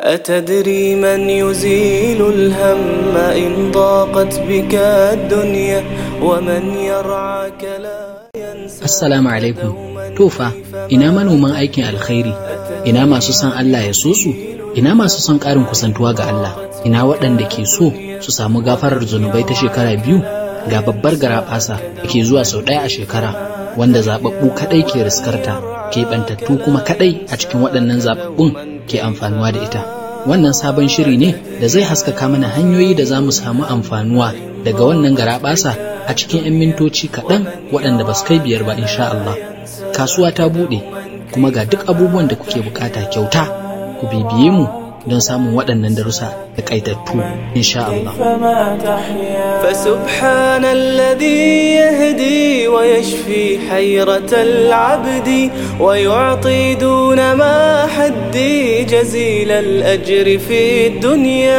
أتدري من يزيل الهم إن ضاقت بك الدنيا ومن يرعاك لا ينسى السلام عليكم توفى إنا من من أيك الخير إنا ما سسان الله يسوسو إنا ما سسان قارن كسنتوا الله إنا ودن دكي سو سسامو غفرر زنوبي تشكرا بيو ga babbar garaɓasa da ke zuwa sau ɗaya a shekara wanda zaɓaɓɓu kaɗai ke riskarta ke ɓantattu kuma kaɗai a cikin waɗannan zaɓaɓɓun ke amfanuwa da ita wannan sabon shiri ne da zai haskaka mana hanyoyi da za mu samu amfanuwa daga wannan garaɓasa a cikin 'yan mintoci kaɗan waɗanda ba su kai biyar ba insha Allah kasuwa ta buɗe kuma ga duk abubuwan da kuke bukata kyauta ku bibiye mu don samun waɗannan darussa da ƙaitattu insha Allah يشفي حيرة العبد ويعطي دون ما حد جزيل الأجر في الدنيا